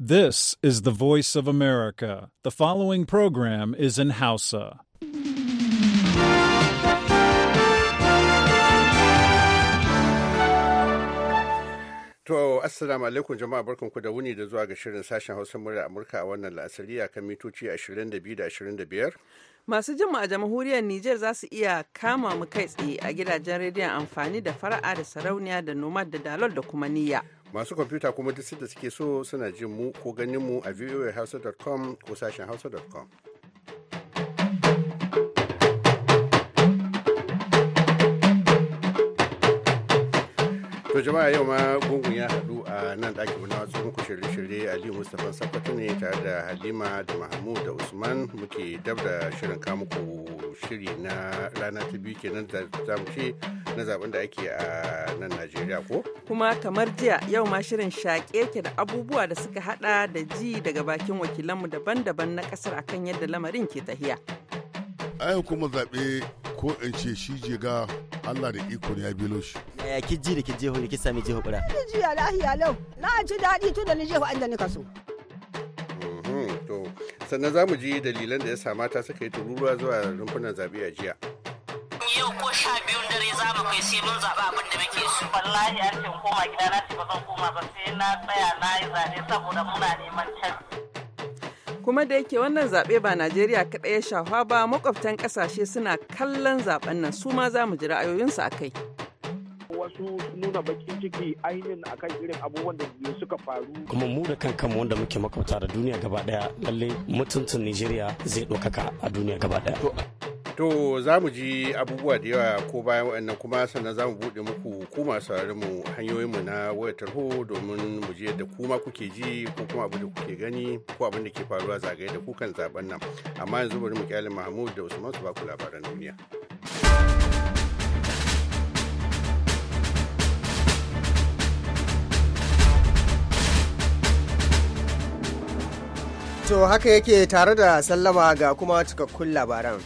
This is the voice of America. The following program is in Hausa. To, Assalamu alaikum jama'a barkanku da wuni da zuwa ga shirin sashen Hausa murya Amurka a wannan la'asari a kan mitoci 22 da 25. Masu jima a jamhuriyar Nijar za su iya kama mu kai tsaye a gidajen rediyon amfani da fara'a da sarauniya da nomad da dalol da kuma niyya. masu kwamfuta kuma duk da suke so suna jin mu ko ganin mu a voahausa.com ko sashen hausa.com to jama'a yau ma gungun ya haɗu a nan ɗakin wani na muku shirye-shirye ali mustapha sakwato ne tare da halima da mahmud da usman muke dab da shirin kamuku shiri na rana ta biyu kenan da za mu ce na zaben da ake a nan najeriya ko kuma kamar jiya yau ma shirin shaƙe ke da abubuwa da suka hada da ji daga bakin wakilanmu daban-daban na ƙasar akan yadda lamarin ke tahiya ai hukumar zaɓe ko in ce shi ga Allah da iko ya bilo shi. Yaya ki ji da ki jeho ki sami je kura? Ni ji ya lahiya lau. Na ji daɗi tun da ni jeho inda ni kaso. Mhm, to sannan za mu ji dalilan da ya sa mata suka yi tururuwa zuwa rumfunan zaɓe a jiya. kawai sai mun abin da muke so. Wallahi an ce koma gida na ce ba zan koma ba sai na tsaya na yi zaɓe saboda muna neman can. kuma da yake wannan zaɓe ba Najeriya kaɗai ya shafa ba makwabtan ƙasashe suna kallon zaɓen nan su ma za mu ji ra'ayoyinsu a kai. Wasu nuna bakin ciki ainihin akan irin abubuwan da suka faru. Kuma mu da kankan wanda muke makwabta da duniya gaba ɗaya lalle mutuntun Nijeriya zai ɗaukaka a duniya gaba ɗaya. To za mu ji abubuwa da yawa ko bayan waɗannan kuma sannan za mu buɗe muku kuma sauraron mu hanyoyinmu na wayar tarho domin mu je da kuma kuke ji ko kuma abin da kuke gani ko abin da ke faruwa zagaye da kukan zaben nan. Amma yanzu bari mu kyale Mahmud da Usman su ba labaran duniya. To haka yake tare da sallama ga kuma cikakkun labaran.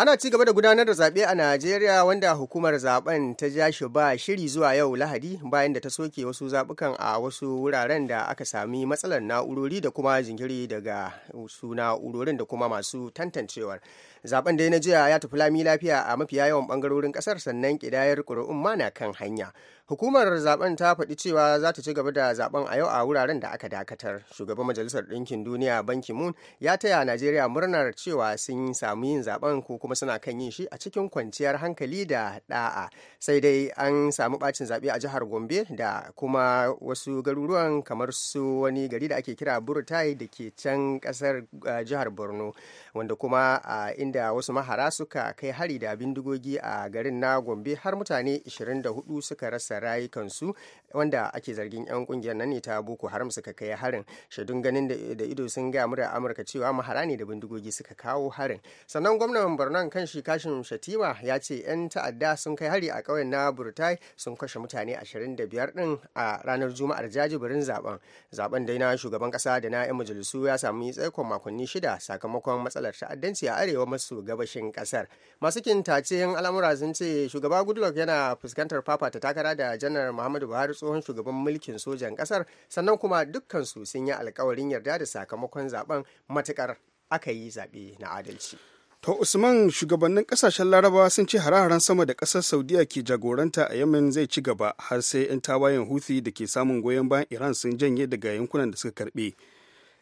ana ci gaba da gudanar da zaɓe a najeriya wanda hukumar zaben ta ja shi ba shiri zuwa yau lahadi bayan da ta soke wasu zabukan a wasu wuraren da aka sami matsalar na'urori da kuma jinkiri daga su na'urorin da kuma masu tantancewar zaben dai na jiya ya tafi lami lafiya a mafiya yawan ɓangarorin ƙasar sannan kidayar ƙuri'un ma kan hanya hukumar zaben ta faɗi cewa za ta ci gaba da zaben a yau a wuraren da aka dakatar shugaban majalisar ɗinkin duniya banki moon ya taya najeriya murnar cewa sun samu yin zaben ko kuma suna kan yin shi a cikin kwanciyar hankali da da'a sai dai an samu bacin zaɓe a jihar gombe da kuma wasu garuruwan kamar su wani gari da ake kira burtai da ke can ƙasar eh, jihar borno wanda kuma a eh, inda wasu mahara suka kai hari da bindigogi a garin na gombe har mutane 24 suka rasa rayukansu wanda ake zargin 'yan kungiyar nan ne ta boko haram suka kai harin shaidun ganin da ido sun ga mura amurka cewa mahara ne da bindigogi suka kawo harin sannan gwamnan borno kan shi kashin shatima ya ce 'yan ta'adda sun kai hari a kauyen na burtai sun kashe mutane 25 din a ranar juma'ar jajibirin zaben zaben dai na shugaban kasa da na 'yan majalisu ya sami tsaikon makonni shida sakamakon matsalar ta'addanci a arewa maso gabashin kasar masu kintace al'amura sun ce shugaba goodluck yana fuskantar fafata takara da janar muhammadu buhari tsohon shugaban mulkin sojan kasar sannan kuma dukkansu sun yi alkawarin yarda da sakamakon zaben matukar aka yi zaɓe na adalci To Usman shugabannin kasashen Larabawa sun ce hare-haren sama da kasar Saudiya ke jagoranta a Yemen zai ci gaba har sai 'yan tawayen Houthi da ke samun goyon bayan Iran sun janye daga yankunan da suka karbe.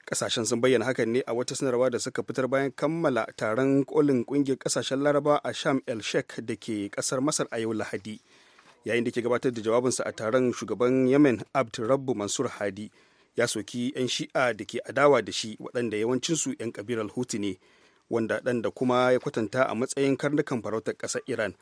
Kasashen sun bayyana hakan ne a wata sanarwa da suka fitar bayan kammala taron kolin kungiyar kasashen laraba a Sham El Sheikh da ke kasar Masar a yau Lahadi. yayin da ke gabatar da jawabinsa a taron shugaban yemen rabbu mansur hadi ya soki 'yan shi'a da ke adawa da shi waɗanda yawancinsu 'yan kabilar hutu ne wanda ɗan da kuma ya kwatanta a matsayin karnukan farautar ƙasar iran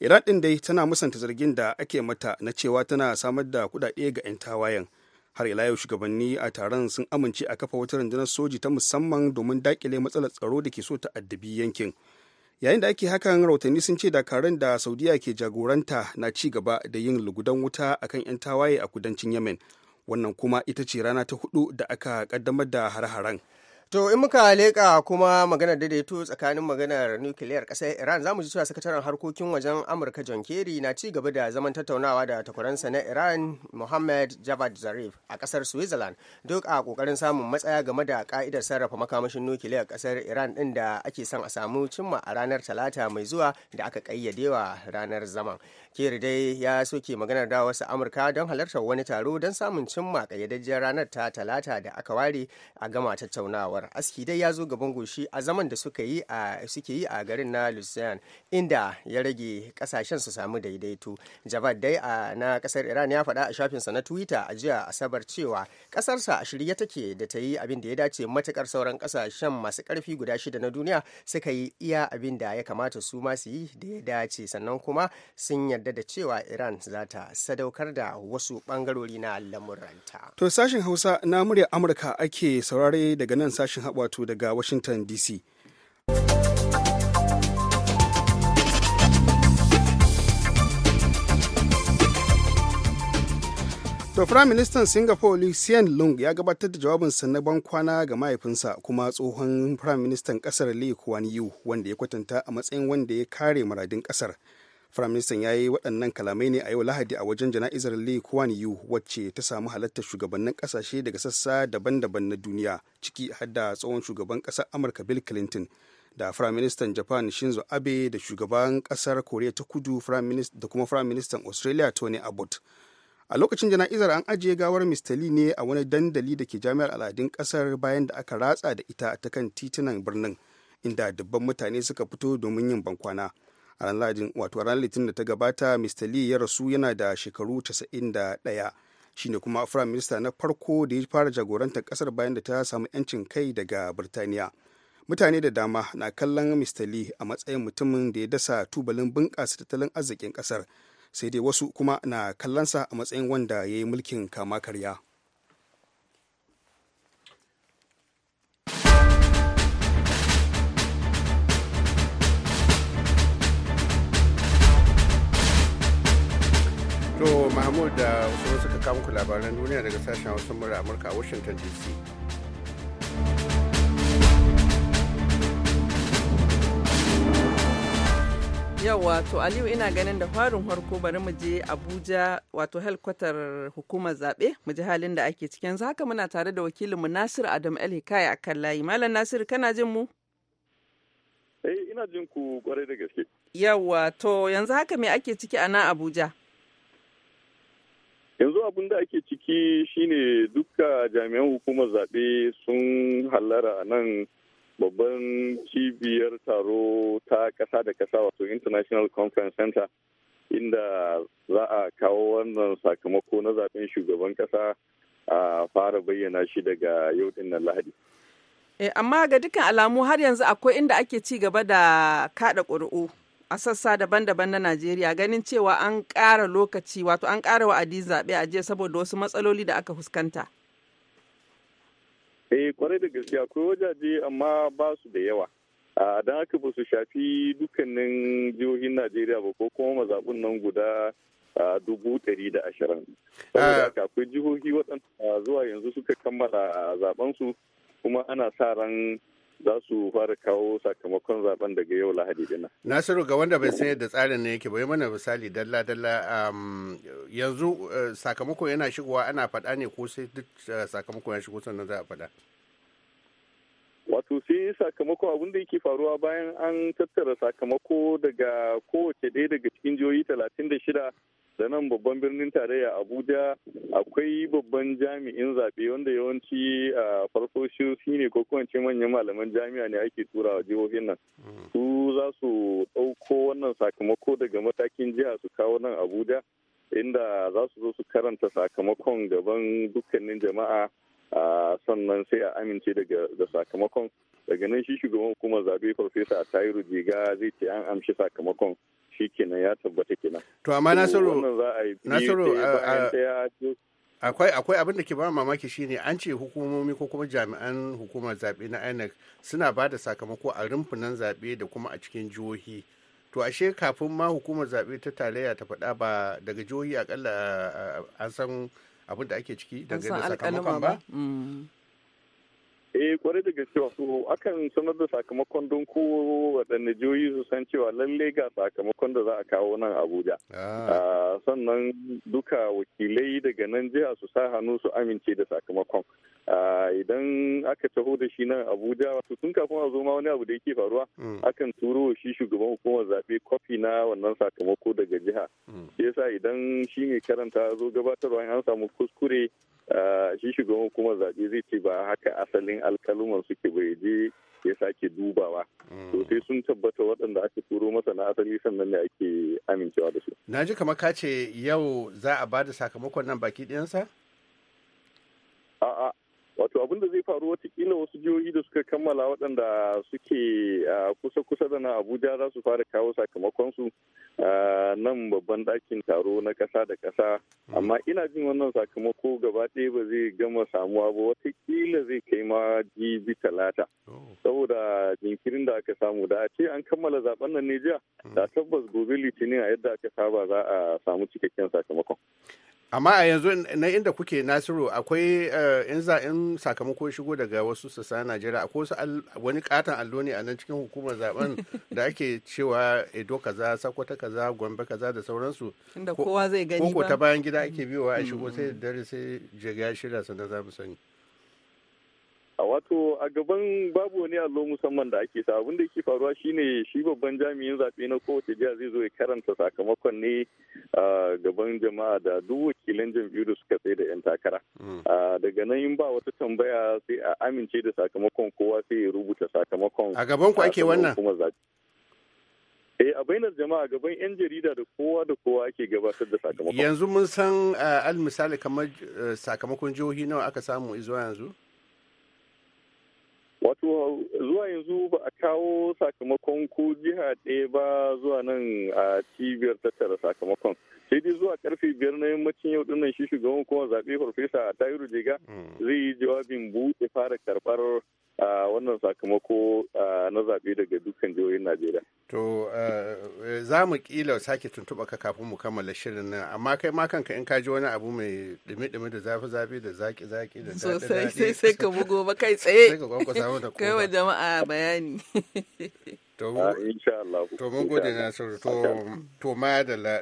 iran ɗin dai tana musanta zargin da ake mata na cewa tana samar da kuɗaɗe ga 'yan tawayen har ila yau shugabanni a taron sun amince a kafa wata rundunar soji ta musamman domin daƙile matsalar tsaro da ke so ta addabi yankin yayin da ake hakan rahotanni sun ce dakarun da saudiya ke jagoranta na ci gaba da yin lugudan wuta akan 'yan tawaye a kudancin yemen wannan kuma ita ce rana ta hudu da aka kaddamar da har-haren To in muka leƙa kuma maganar daidaito tsakanin maganar nukiliyar ƙasar Iran zamu ji cewa sakataren harkokin wajen Amurka John Kerry na ci gaba da zaman tattaunawa da takwaransa na Iran Mohammed Javad Zarif a ƙasar Switzerland duk a ƙoƙarin samun matsaya game da ka'idar sarrafa makamashin nukiliyar ƙasar Iran ɗin da ake son a samu cimma a ranar Talata mai zuwa da aka ƙayyadewa ranar zaman. Kerry dai ya soke maganar da wasu Amurka don halartar wani taro don samun cimma ƙayyadajjen ranar ta Talata da aka ware a gama tattaunawa. sana'awar aski dai ya zo gaban goshi a zaman da suka yi a suke yi a garin na Lucerne inda ya rage kasashen su samu daidaito Javad dai a na kasar Iran ya faɗa a shafinsa na Twitter a jiya Asabar cewa kasarsa a shirye take da ta yi abin da ya dace matukar sauran kasashen masu karfi guda shida na duniya suka yi iya abin da ya kamata su ma su yi da ya dace sannan kuma sun yarda da cewa Iran za ta sadaukar da wasu bangarori na lamuranta. To sashen Hausa na murya Amurka ake saurare daga nan sa sashen wato daga Washington DC. To Prime Minister Singapore Lee Hsien Loong ya gabatar da jawabinsa na ban kwana ga mahaifinsa kuma tsohon Prime Minister kasar Lee Kuan Yew wanda ya kwatanta a matsayin wanda ya kare muradin kasar. Firaministan ya yi waɗannan kalamai ne a yau Lahadi a wajen jana'izar Lee kwan yu wacce ta samu halartar shugabannin ƙasashe daga sassa daban-daban na duniya ciki har da tsohon shugaban ƙasar Amurka Bill Clinton da Firaministan Japan Shinzo Abe da shugaban ƙasar Koriya ta Kudu da kuma Firaministan Australia Tony Abbott. a lokacin jana'izar an ajiye gawar mr lee ne a wani dandali da ke jami'ar al'adun ƙasar bayan da aka ratsa da ita ta kan titunan birnin inda dubban mutane suka fito domin yin bankwana a ran lajin wato ran litinin da ta gabata mr lee ya rasu yana da shekaru 91 shine kuma firayim minista na farko da ya fara jagorantar kasar bayan da ta samu 'yancin kai daga birtaniya mutane da dama na kallon mr lee a matsayin mutumin da ya dasa tubalin bunƙasa tattalin arzikin kasar sai dai wasu kuma na kallonsa a matsayin wanda ya yi mulkin kama karya. to mahmud da wasu suka kawo muku labaran duniya daga sashen wasu mura amurka a washington dc yau wato aliyu ina ganin da farin harko bari mu je abuja wato helkwatar hukumar zaɓe mu ji halin da ake cikin haka muna tare da wakilinmu nasiru adam el hikaya a kan layi malam nasiru kana jin mu eh ina jin ku kwarai da gaske Yau to yanzu haka me ake ciki a nan abuja yanzu abin da ake ciki shine duka jami'an hukumar zaɓe sun hallara nan babban cibiyar taro ta ƙasa da ƙasa wato international conference center inda za a kawo wannan sakamako na zaɓen shugaban ƙasa a fara bayyana shi daga yau ɗin nan lahadi eh, amma ga dukkan alamu har yanzu akwai inda ake ci gaba da kaɗa ƙuri'u a sassa daban-daban na Najeriya ganin cewa an ƙara lokaci wato an ƙara wa'adi zaɓe a jiya saboda wasu matsaloli da aka fuskanta. Eh kwarai da gaske akwai wajaje amma ba su da yawa. Don haka ba su shafi dukkanin jihohin Najeriya ba ko kuma mazaɓun nan guda dubu ɗari da ashirin. Saboda ah. akwai jihohi waɗanda zuwa yanzu suka kammala zaɓensu kuma ana sa ran za su fara kawo sakamakon zaben daga yau lahadi dinnan. Nasiru ga wanda bai san yadda tsarin ne yake bai mana misali dalla dalla um, yanzu uh, sakamako yana shigowa ana faɗa ne ko sai duk uh, sakamako ya shigo sannan za a faɗa. Wato sai sakamako abin da yake faruwa bayan an tattara sakamako daga kowace ɗaya daga cikin jihohi talatin da shida da nan babban birnin tarayya abuja akwai babban jami'in zaɓe wanda yawanci a farko shi ne ko kuma ce manyan malaman jami'a ne ake tura a jihohin nan hmm. su za su ɗauko wannan sakamako daga matakin jiha su kawo nan abuja inda za su zo su karanta sakamakon gaban dukkanin jama'a sannan sai a amince daga sakamakon daga nan shi shugaban hukumar zaɓe farfesa a tayiru jiga zai ce an amshi sakamakon shi kenan ya tabbata kenan to amma nasiru nasiru akwai akwai abin da ke ba mamaki shine an ce hukumomi ko kuma jami'an hukumar zaɓe na INEC suna ba da sakamako a rumfunan zaɓe da kuma a cikin jihohi to ashe kafin ma hukumar zaɓe ta tarayya ta faɗa ba daga jihohi akalla an san abin da ake ciki daga sakamakon ba mm. eh kwarai da gaske wasu akan sanar da sakamakon don ko waɗanne jihohi su san cewa lalle ga sakamakon da za a kawo nan abuja ah. Ah, sannan duka wakilai daga nan jiha su sa hannu su amince da sakamakon ah, idan aka taho da shi nan abuja wasu tun kafin a zo ma wani abu da yake faruwa hmm. akan turo shi shugaban hukumar zaɓe kwafi na wannan sakamako daga jiha hmm. yasa idan shi mai karanta zo gabatarwa an samu kuskure shi shugaban hukumar zaɓe zai ce ba haka asalin alkaluman suke bai je ya sake dubawa to sai sun tabbata waɗanda aka turo masa na asali sannan ne ake amincewa da su na ji kamar ka ce yau za a ba da sakamakon nan baki ɗayansa a'a wato abin da zai faru wata kila wasu jihohi da suka kammala waɗanda suke kusa-kusa da na abuja za su fara kawo sakamakonsu nan babban ɗakin taro na ƙasa da ƙasa hmm. amma ina jin wannan sakamako gaba ɗaya ba zai gama samuwa ba kila zai kai ma jibi talata oh. saboda jinkirin da aka samu da a ce an kammala zaben nan ne jiya hmm. da tabbas gobe litinin a yadda aka saba za a samu cikakken sakamakon amma a yanzu na inda kuke nasiru akwai eh, in za in sakamako shigo daga wasu sassa najeriya akwai wasu wani katon allo ne a nan cikin hukumar zaben da ake cewa edo kaza sakwata kaza gombe kaza da sauransu inda ko ta bayan gida ake mm. biyowa a shigo sai mm. dare sai jiga shirya sannan za mu sani a wato a gaban babu wani allo musamman da ake sa abin da yake faruwa shine shi babban jami'in zaɓe na kowace jiya zai zo ya karanta sakamakon ne a gaban jama'a da duk wakilan jam'iyyu da suka sai da 'yan takara hmm. daga nan in ba wata tambaya sai a amince da sakamakon kowa sai ya rubuta sakamakon a gaban ku ake wannan eh, a bainar jama'a gaban 'yan jarida da kowa da kowa ake gabatar da sakamakon. Yanzu mun san al misali kamar eh, sakamakon jihohi nawa aka samu izuwa yanzu? wato zuwa yanzu ba a kawo sakamakon ko jiha ɗaya ba zuwa nan a cibiyar tattara sakamakon sai dai zuwa karfe biyar na yammacin yau dinnan shi shugaban kuma zaɓe farfesa tayiru jiga hmm. zai yi jawabin buɗe fara karɓar wannan sakamako na zaɓe daga dukkan jihohin najeriya to za mu kila sake tuntuɓa ka kafin mu kammala shirin nan amma kai ma kanka in ka ji wani abu mai ɗumi-ɗumi da zafi-zafi da zaki-zaki da sosai sai ka bugo ba kai tsaye kai wa jama'a bayani Ah, to mun gode sauri to to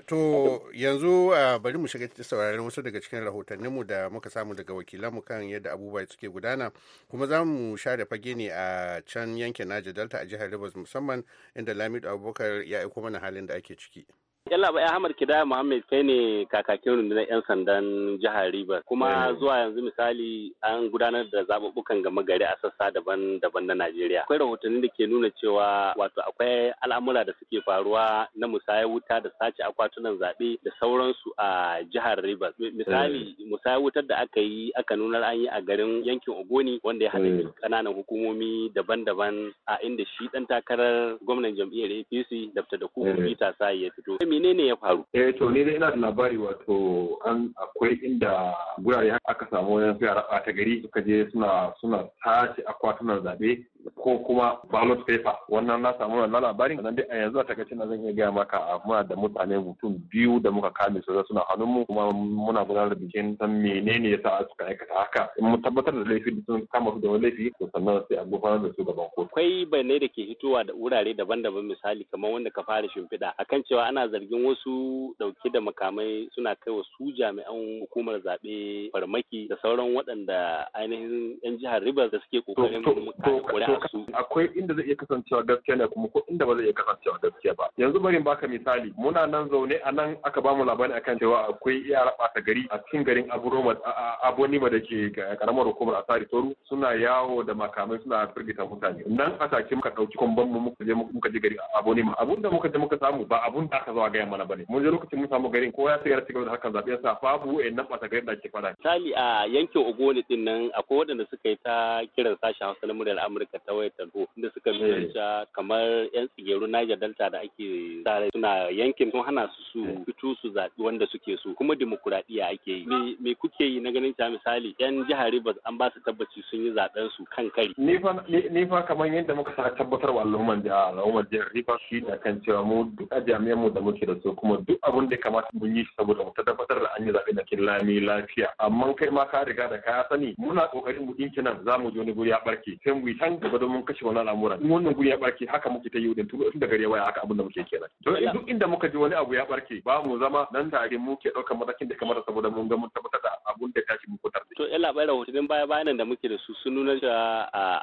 to yanzu ah, bari mu shiga sauraron wasu daga cikin rahotanninmu da muka samu daga wakilanmu kan yadda abubuwa suke gudana kuma za mu share fage ne a can yankin Naja Delta a jihar Rivers musamman inda Lamidu Abubakar ya aiko mana halin da ake ciki. Yallaba eh, Ahmad Kidaya Muhammad kai ne kakakin rundunar 'yan sandan jihar Rivers kuma eh. zuwa yanzu misali an gudanar da zaɓuɓɓukan gama gari a sassa daban-daban na Najeriya. Akwai rahotanni da ke nuna cewa wato akwai al'amura da suke faruwa na musayar wuta da sace akwatunan zaɓe da sauransu a jihar Rivers. Misali eh. musayar wutar da aka yi aka nunar an yi a garin yankin Ogoni wanda ya haɗa kananan hukumomi daban-daban a inda shi ɗan takarar gwamnan jam'iyyar APC Dr. kuma Peter Sai ya fito. menene ya faru? Eh to ni dai ina da labari wato an akwai inda gurare aka samu wani yara ta gari suka je suna suna tace akwatunan zaɓe ko kuma ballot paper wannan na samu wannan labarin nan dai a yanzu a takaice na zan iya gaya maka a ah, muna da mutane mutum biyu da muka kame su suna hannunmu kuma muna gudanar da bikin san menene yasa suka aikata haka in mu tabbatar da laifi sun kama su da wani laifi to sannan sai a gudanar da su gaban kotu akwai bayanai da ke hitowa da wurare daban-daban misali kamar wanda ka fara shimfiɗa akan cewa ana zargin wasu ɗauke da makamai suna kai wa su jami'an hukumar zaɓe farmaki da sauran waɗanda ainihin 'yan jihar Rivers da suke ƙoƙarin su akwai inda zai iya kasancewa gaskiya ne kuma ko inda ba zai iya kasancewa gaskiya ba yanzu bari in baka misali muna nan zaune a nan aka ba mu labari akan cewa akwai yara ɓata gari a cikin garin abonima da ke karamar hukumar asari toru suna yawo da makamai suna firgita mutane nan a take muka ɗauki kwamban mu muka je muka je gari abonima abun da muka je muka samu ba abun da aka zo a gaya mana bane mun je lokacin mun samu garin kowa ya tsaya cikin harkar zaɓen sa babu wa'annan ɓata garin da ke faɗa misali a yankin ogoni din nan akwai waɗanda suka yi ta kiran sashen hausa na muryar amurka ta ruwa inda suka nuna eh. kamar yan tsigeru Niger Delta da ake tsare suna yankin sun hana su su eh. fito su zaɓi wanda suke so kuma dimokuraɗiyya ake yi me kuke yi na ganin ta misali yan jihar Rivers an ba su tabbaci sun yi zaɓen su kan kari ni fa kamar yadda muka sa tabbatar wa al'umman jihar al'umman jihar Rivers shi da kan cewa mu duk jami'an mu da muke da su kuma duk abin da kamata mun yi saboda mu tabbatar da an yi zaɓe da lami lafiya amma kai ma ka riga da ka sani muna kokarin mu dinki nan za mu je wani guri ya barke sai mu yi can ba don mun kashe wannan al'amura Mun wannan guri ya barke haka muke ta yi da tun da ya waya haka abin da muke kenan don duk inda muka ji wani abu ya barke ba mu zama nan tare ke daukar matakin da kamar saboda mun ga mun tabbatar da abun da tashi mu fitar da to illa bai rahotannin baya bayanan da muke da su sun nuna da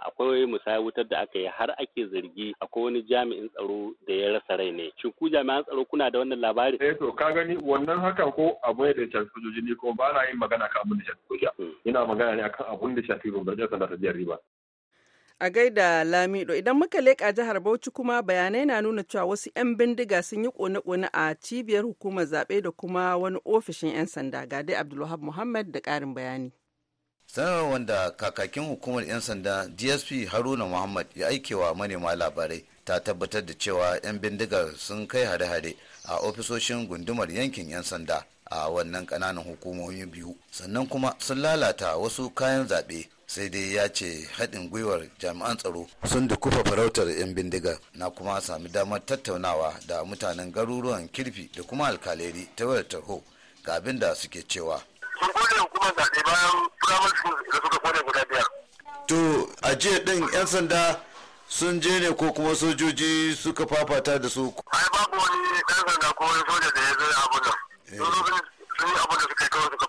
akwai musayar wutar da aka yi har ake zargi akwai wani jami'in tsaro da ya rasa rai ne shin ku jami'an tsaro kuna da wannan labari eh to ka gani wannan hakan ko abu ne da ya shafi sojoji ne ko ba na yin magana kan abin da shafi sojoji hmm. ina magana ne akan abun da shafi rundunar sanda ta jihar riba a gaida lamido idan muka leƙa jihar bauchi kuma bayanai na nuna cewa wasu 'yan bindiga sun yi kone-kone a cibiyar hukumar zaɓe da kuma wani ofishin 'yan sanda ga dai abdulwahab muhammad da ƙarin bayani sanarwar wanda kakakin hukumar 'yan sanda dsp haruna muhammad ya aikewa manema labarai ta tabbatar da cewa 'yan bindigar sun kai hare-hare a ofisoshin gundumar yankin 'yan sanda a wannan kananan hukumomi biyu sannan kuma sun lalata wasu kayan zaɓe sai dai ya ce haɗin gwiwar jami'an tsaro sun da kufa farautar 'yan bindiga na kuma sami damar tattaunawa da mutanen garuruwan kirfi da kuma alkaleri ta wayar tarho ga abin da suke cewa sun kone hukumar zaɓe bayan firamar da suka kone guda biyar to a jiya ɗin 'yan sanda sun je ne ko kuma sojoji suka fafata da su ai babu wani ɗan sanda ko wani soja da ya zai abu da sun yi abu da suka yi kawai suka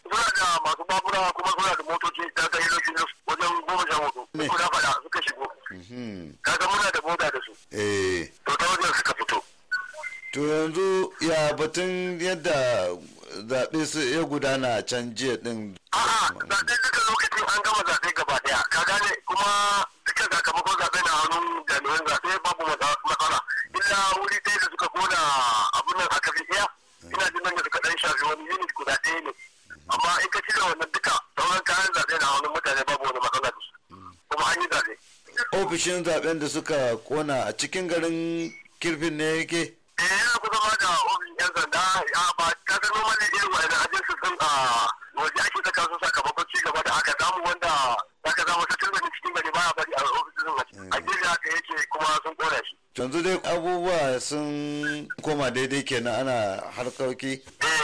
batun yadda zaɓe ya gudana a can jiya ɗin. A'a, zaɓe duka lokacin an gama zaɓe gaba ɗaya, ka gane kuma duka sakamakon zaɓe na hannun jami'an zaɓe babu matsala. Illa wuri ɗaya da suka kona abin nan aka fi iya, ina jin nan da suka ɗan shafi wani unit guda ɗaya ne. Amma in ka cire wannan duka, sauran kayan zaɓe na hannun mutane babu wani matsala da su. Kuma an yi zaɓe. Ofishin zaɓen da suka kona a cikin garin kirfin ne yake? kenan ana harkoki eh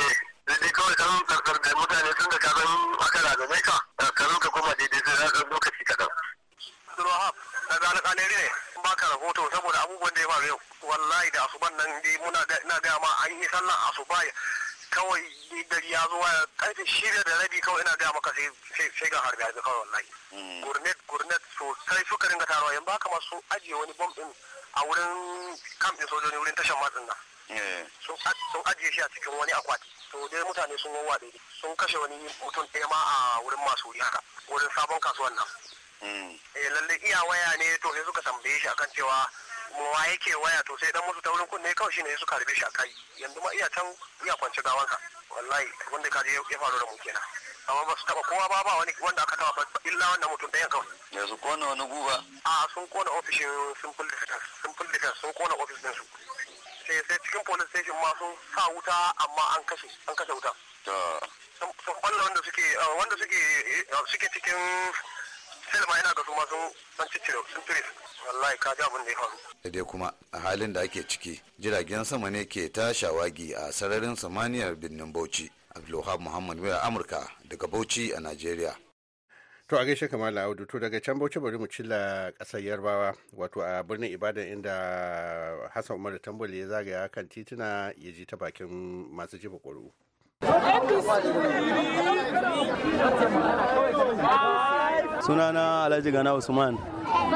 daidai kawai kan karkar da mutane sun da kazan aka zagaye ka karkar ka koma daidai sai za ka lokaci kaɗan. Abdulwahab daga alƙaleri ne ba ka rahoto saboda abubuwan da ya faru yau wallahi da asuban nan dai muna ina gaya ma an yi sallan asuba kawai gari ya zuwa karfe shida da rabi kawai ina gaya maka sai ga harbi harbi kawai wallahi. Hmm. Gurnet gurnet sosai suka ringa taruwa yanzu haka masu ajiye wani bom ɗin a wurin kamfin sojoji wurin tashar matsin nan. Eh. sun ajiye shi a cikin wani akwati to dai mutane sun wawa daidai sun kashe wani mutum ɗaya ma a wurin masu wuri haka wurin sabon kasuwan nan hmm. eh lalle iya waya ne to sai suka tambaye shi akan cewa wa yake waya to sai dan musu ta wurin kunne kawai shine suka rubi shi a kai yanzu ma iya can iya kwance gawanka wallahi wanda kaje ya faru da mu kenan amma ba su taba kowa ba ba wani wanda aka taba illa wanda mutum ɗayan kawai yanzu kona wani guba a sun kona ofishin simple defense simple defense sun kona ofishin su sai sai cikin police station ma sun sa wuta amma an kashe an kashe wuta sun balla wanda suke eh, wanda suke eh, suke cikin selma yana da su ma sun san ciccire sun tire wallahi ka ji abin da ya faru da dai kuma a halin da ake ciki jiragen sama ne ke ta shawagi a sararin samaniyar birnin Bauchi Abdulwahab Muhammad wa Amurka daga Bauchi a Najeriya to a gaishe kamar audu to daga can bauchi bari mu cilla kasar yarbawa wato a birnin ibadan inda hassan umar tambol ya zagaya kan tituna ya ji ta bakin masu jefa ƙuri'u sunana alhaji gana usman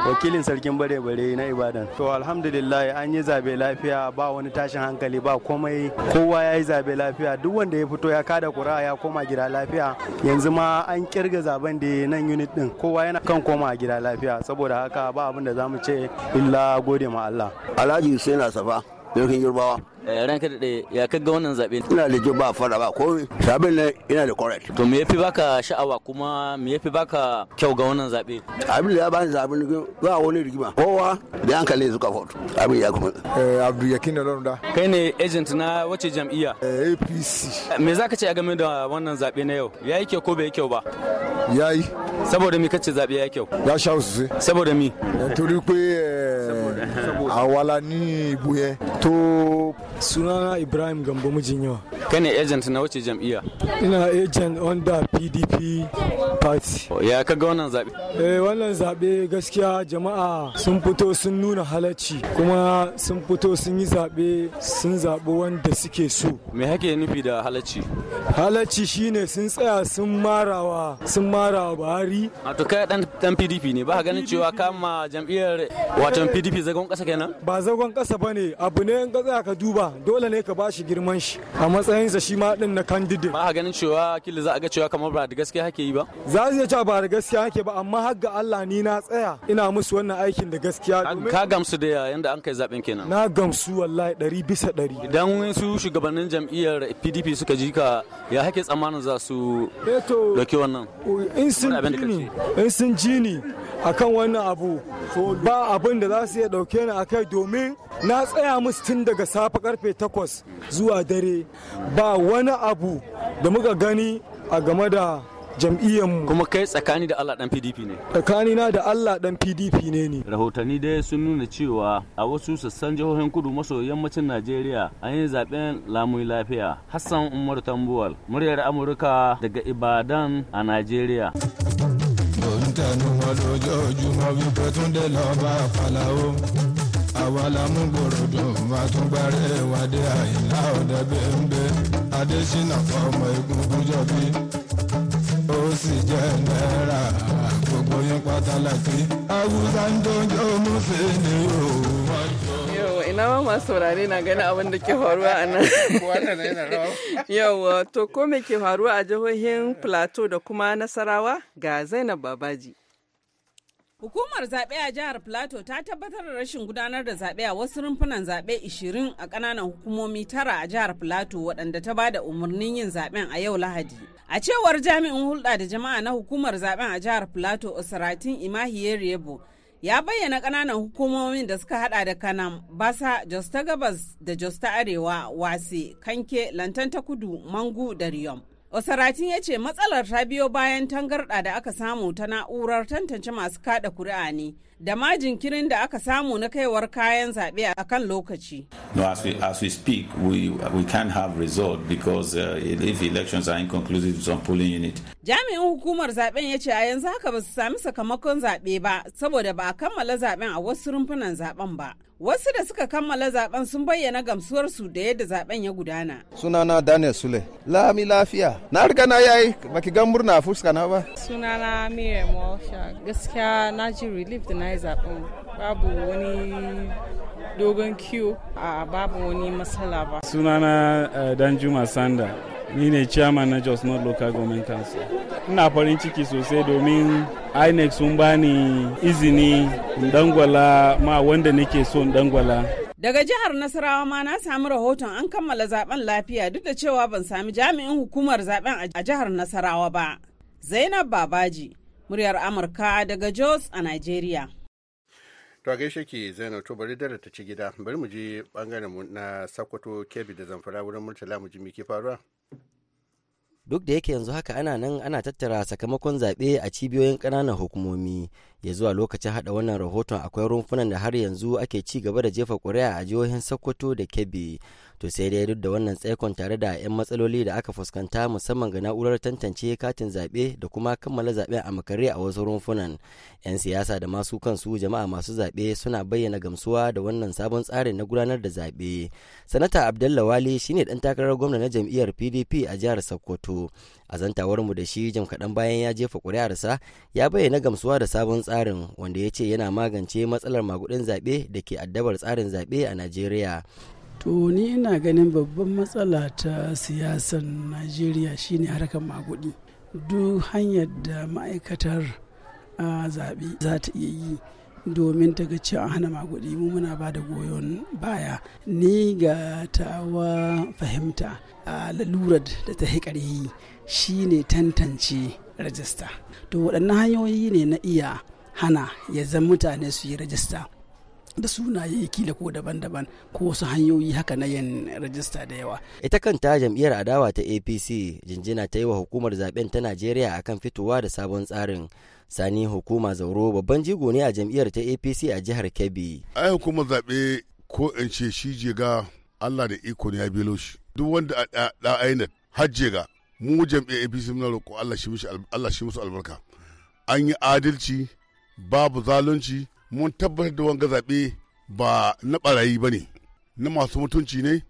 wakilin sarkin bare-bare na ibadan to alhamdulillah an yi zabe lafiya ba wani tashin hankali ba komai kowa ya yi zabe lafiya duk wanda ya fito ya kada kura ya koma gida lafiya yanzu ma an kirga zaben da nan unit din kowa yana kan koma gida lafiya saboda haka ba abin da zamu ce illa gode ma Allah alhaji Hussein Asafa yankin Yurbawa. Eh, ranka da ya kagga wannan zaɓe. ina da ba fara ba komai zaben ne ina da correct to me yafi baka sha'awa kuma me yafi baka kyau ga wannan zaɓe. abin da ya bani zaɓe zaben ba wani rigima kowa da hankali suka fotu abin ya kuma eh abdu yakin da londa kai ne agent na wace jam'iyya eh, apc eh, me zaka ce a game da wannan zaɓe na yau yayi kyau ko bai kyau ba yayi saboda mi kace zaɓe ya kyau ya sha sai. saboda mi torí pé àwa la ní ìbò yẹn tó sunana ibrahim gambo mijin yawa kane agent na wace jam'iyya ina agent under pdp party oh, ya ga wannan zaɓe eh wannan zaɓe gaskiya jama'a sun fito sun nuna halacci kuma sun fito sun yi zaɓe sun zaɓi wanda suke so me hake nufi da halacci halacci shine sun tsaya sun marawa sun marawa buhari a to kai dan dan pdp ne ba ganin cewa kama jam'iyyar wato pdp zagon kasa kenan ba zagon kasa bane abu ne in ka tsaya ka duba dole ne ka bashi girman shi a matsayinsa shi ma din na candidate ba ganin cewa kila za a ga cewa kamar ba da gaskiya hake yi ba za su iya cewa ba da gaskiya hake ba amma har ga Allah ni na tsaya ina musu wannan aikin da gaskiya ka gamsu da yanda an kai zaben kenan na gamsu wallahi ɗari bisa ɗari idan su shugabannin jam'iyyar PDP suka ji ka ya hake tsammanin za su dauki eh wannan in sun ji in sun jini ni akan wannan abu ba abin da za su iya dauke ni akai domin na tsaya musu tun daga safakar karfe takwas zuwa dare ba wani abu da muka gani a game da jam'iyyarmu. Kuma kai tsakani da Allah dan PDP ne? Tsakani na da Allah dan PDP ne ne. Rahotanni dai sun nuna cewa a wasu sassan jihohin kudu maso yammacin Najeriya an yi zaben lamun lafiya. Hassan Umar Tambuwal, muryar Amurka daga Ibadan a Najeriya. àwa la mú gbòròdùn àtúngbàrẹ́ ìwádìí àyìnlá ọ̀dẹ bẹ́ẹ̀nbẹ́ adésínà fọmọ egungun jọbí ó sì jẹ́ náírà gbogbo yín pátá láti haúsá ń dọ́jọ́ mú sí ni o. ina ma masu saurare na gani abin da ke faruwa a nan yawwa to ko me ke faruwa a jihohin plateau da kuma nasarawa ga zainab babaji Hukumar zaɓe a jihar Plateau ta tabbatar da rashin gudanar da zaɓe a wasu rumfunan zaɓe 20 a ƙananan hukumomi tara a jihar Plateau waɗanda ta ba da umarnin yin zaɓen a yau Lahadi. A cewar jami'in hulɗa da jama'a na hukumar zaɓen a jihar Plateau Osiratin Imahiyar Yebo ya bayyana ƙananan hukumomin da suka hada da Kanam, Basa, Jos ta Gabas da Jos ta Arewa, Wase, Kanke, Lantan ta Kudu, Mangu da Riyom. Osaratin ya ce matsalar ta biyo bayan tangarɗa da aka samu ta na'urar tantance masu kaɗa kuri'a ne. da ma jinkirin da aka samu na kaiwar kayan zaɓe a kan lokaci. No, as we, as we speak, we, we can have result because uh, if elections are inconclusive, on polling unit. Jami'in hukumar zaɓen ya ce a yanzu haka ba su sami sakamakon zaɓe ba saboda ba a kammala zaɓen a wasu rumfunan zaɓen ba. Wasu da suka kammala zaɓen sun bayyana gamsuwarsu da yadda zaɓen ya gudana. Sunana Daniel Sule, lami lafiya. Na riga na yayi baki gan murna fuska na ba. Sunana Miriam Walsh, gaskiya na ji relief da na yi zaɓen babu wani dogon kiwo a babu wani matsala ba. Sunana dan eh, Danjuma Sanda, ni ne chairman na Jos North Local Government Council. Ina farin ciki sosai domin INEC sun bani izini in dangwala ma wanda nake so in dangwala. Daga jihar Nasarawa ma na sami rahoton an kammala zaben lafiya duk da cewa ban sami jami'in hukumar zaben a jihar Nasarawa ba. Zainab Babaji, muryar Amurka daga Jos a Nigeria. to a gaishe ke zainab to bari dala ta ci gida bari mu je bangaren na sakwato kebi da zamfara wurin murtala mu ji me ke faruwa duk da yake yanzu haka ana nan ana tattara sakamakon zaɓe a cibiyoyin ƙananan hukumomi ya zuwa lokacin haɗa wannan rahoton akwai rumfunan da har yanzu ake ci gaba da jefa ƙuri'a a jihohin sokoto da kebbi to sai dai duk da wannan tsaikon tare da 'yan matsaloli da aka fuskanta musamman ga na'urar tantance katin zaɓe da kuma kammala zaɓen a makare a wasu rumfunan 'yan siyasa da masu kansu jama'a masu zaɓe suna bayyana gamsuwa da wannan sabon tsarin na gudanar da zaɓe sanata abdullahi wali shine dan takarar gwamna na jam'iyyar pdp a jihar sokoto a zantawar mu da shi jim kaɗan bayan ya jefa ƙuri'arsa ya bayyana gamsuwa da sabon tsarin wanda ya ce yana magance matsalar magudin zaɓe da ke addabar tsarin zaɓe a najeriya to ni ina ganin babban matsala ta siyasan najeriya shine harkar magudi duk hanyar da ma'aikatar a zaɓe za ta iya yi domin ta ga cewa hana magudi mu muna ba da goyon baya ni ga tawa fahimta a lalurar da ta shi shine tantance rajista to waɗannan hanyoyi ne na iya hana ya zan mutane su yi rajista da sunaye kila ko daban-daban ko wasu hanyoyi haka na yin rajista da yawa. Ita kanta jam'iyyar adawa ta APC jinjina ta yi wa hukumar zaben ta Najeriya akan fitowa da sabon tsarin. Sani hukuma zauro babban jigo ne a jam'iyyar ta APC a jihar Kebbi. Ai hukumar zaɓe ko in ce shi jega Allah da iko ne ya belo shi. Duk wanda a da ainihin hajjega mu jam'iyyar APC muna roƙo Allah shi musu albarka. An yi adalci babu zalunci mun tabbatar da wanga zaɓe ba na ɓarayi ba ne na masu mutunci ne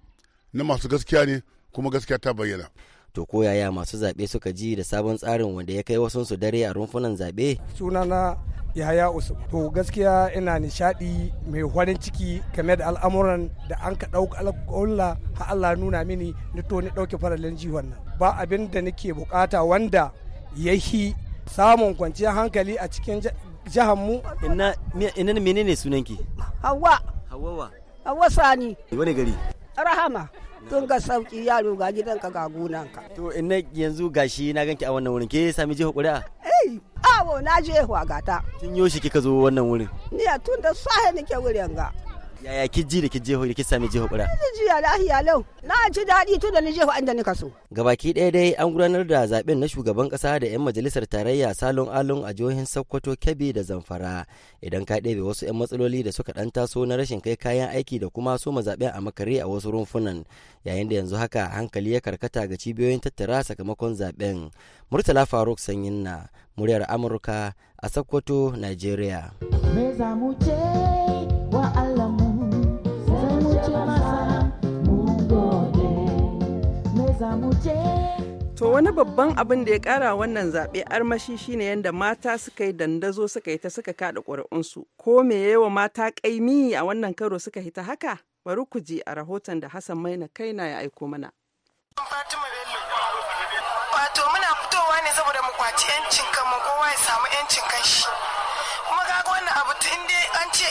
na masu gaskiya ne kuma gaskiya ta bayyana to ko yaya masu zaɓe suka ji da sabon tsarin wanda ya kai wasu su dare a rumfunan zaɓe sunana yahaya usman to gaskiya ina nishadi mai farin ciki game da al'amuran da an ka ɗauka alƙawalla har Allah nuna mini ni to ni ɗauke faralin jiwon nan ba abin da nake bukata wanda yahi samun kwanciyar hankali a cikin jihar mu ina ina menene sunanki hawa wa. hawa sani wani gari rahama tun ga sauki yaro ga gidanka ga gonanka to ina yanzu gashi na ganki a wannan wurin ke sami jiho ƙuri'a eh awo na je hwa gata tun yoshi kika zo wannan wurin ni tun da sahe nake wurin ga yaya kiji da ki kije da ki sami jeho kura ji ya lahiya lau na ji daɗi tun da ni jeho inda nika so gabaki ɗaya dai an gudanar da zaben na shugaban ƙasa da 'yan majalisar tarayya salon alon a jihohin sokoto kebbi da zamfara idan ka ɗebe wasu 'yan matsaloli da suka ɗan taso na rashin kai kayan aiki da kuma so zaben a makare a wasu rumfunan yayin da yanzu haka hankali ya karkata ga cibiyoyin tattara sakamakon zaben murtala faruk sanyin na muryar amurka a sokoto nigeria me za mu To wani babban abin da ya kara wannan zaɓe armashi shine yadda mata suka yi dandazo suka yi ta suka kaɗa ƙuri'unsu. Ko me yawa mata ƙaimi a wannan karo suka hita haka? Bari ku ji a rahoton da Hassan Maina kaina ya aiko mana. Wato muna fitowa ne saboda mu kwaci 'yancin kanmu kowa ya samu 'yancin kanshi. Kuma kaga wannan abu tun dai an ce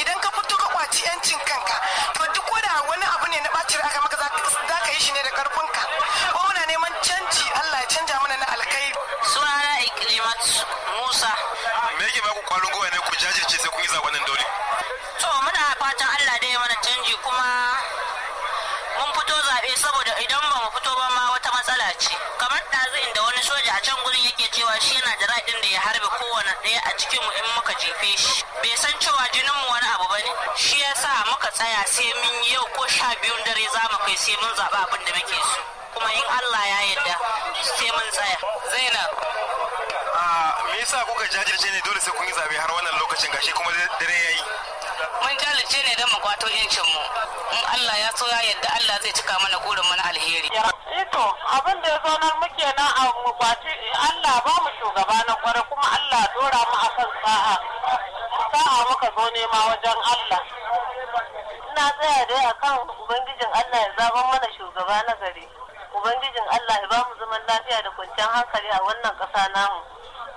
idan ka fito ka kwaci yancin kanka to duk wani wani abu ne na bacin aka maka za ka yi shi ne da karfin ka ko muna neman canji Allah ya canja mana na alkhairi sunana iklimat musa me yake ku kwalo gowa ne ku jajirce sai kun yi zaɓen dole to muna fatan Allah dai mana canji kuma mun fito zaɓe saboda idan ba mu fito ba ma matsala ce kamar ɗazu inda wani soja a can gurin yake cewa shi yana da raɗin da ya harbe kowane ɗaya a cikin mu in muka jefe shi bai san cewa jinin mu wani abu bane shi yasa muka tsaya sai mun yau ko sha biyun dare za mu kai sai mun zaɓi abin da muke so kuma in Allah ya yarda sai mun tsaya Zainab ah, me yasa kuka jajirce ne dole sai kun yi zabe har wannan lokacin gashi kuma dare yayi mun jajirce ne don mu kwato 'yancin mu in Allah ya so ya yadda Allah zai cika mana gurin mana alheri. Ito eh abin da ya nan muke na a kwaci Allah ba mu shugaba na kwarai kuma Allah dora mu a kan sa'a. Sa'a muka zo nema wajen Allah. Ina tsaya dai akan Ubangijin Allah ya zaban mana shugaba na gari. Ubangijin Allah ya ba mu zaman lafiya da kwanciyar hankali a wannan ƙasa namu.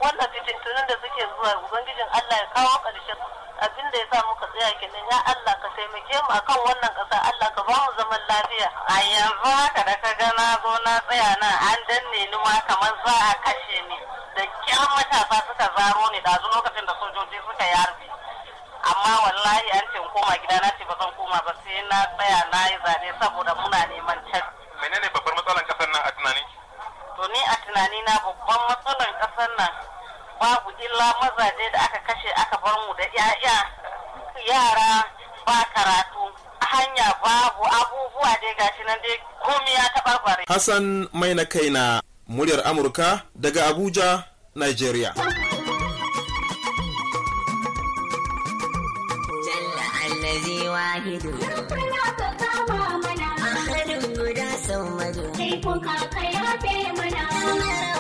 Wannan fitintunin da suke zuwa Ubangijin Allah ya kawo ƙarshen abin da ya sa muka tsaya kenan ya Allah ka taimake mu akan wannan ƙasa Allah ka ba mu zaman lafiya a yanzu haka da ka ga na zo na tsaya nan an danne ni ma kamar za a kashe ni da kyan matasa suka zaro ni ɗazu lokacin da sojoji suka yarbe amma wallahi an ce koma gida na ce ba zan koma ba sai na tsaya na yi zane saboda muna neman can menene babbar matsalan ƙasar nan a tunani to ni a tunani na babban matsalan ƙasar nan babu illa mazaje da aka kashe aka bar mu da 'ya'ya yara ba karatu hanya babu abubuwa dai gashi nan dai komai ya taɓarɓare. Hassan mai na kaina muryar Amurka daga Abuja, Nigeria. Jalla mana.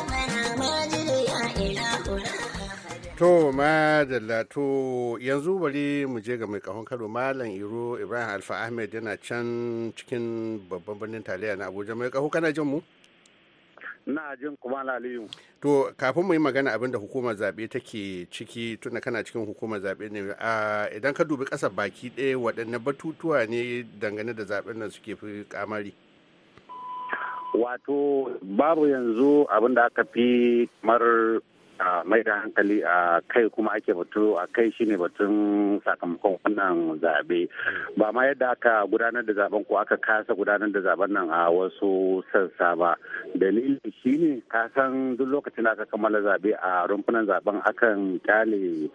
To madalla to yanzu bari mu je ga mai kahon karo Malam Iro Ibrahim Alfa Ahmed yana can cikin babban birnin taliya na Abuja mai kaho kana jin mu? Na jin kuma Aliyu. To kafin mu yi magana abin da hukumar zaɓe take ciki tunda kana cikin hukumar zaɓe ne idan ka dubi ƙasar baki ɗaya waɗanne batutuwa ne dangane da zaɓen nan suke fi kamari. Wato babu yanzu abin da aka fi kamar a mai da hankali a kai kuma ake batu a kai shine batun sakamakon wannan zaɓe ba ma yadda aka gudanar da zaben ko aka kasa gudanar da zaben nan a wasu sassa ba dalili shine kasan duk lokacin da aka kammala zaɓe a rumfunan zaben akan kyale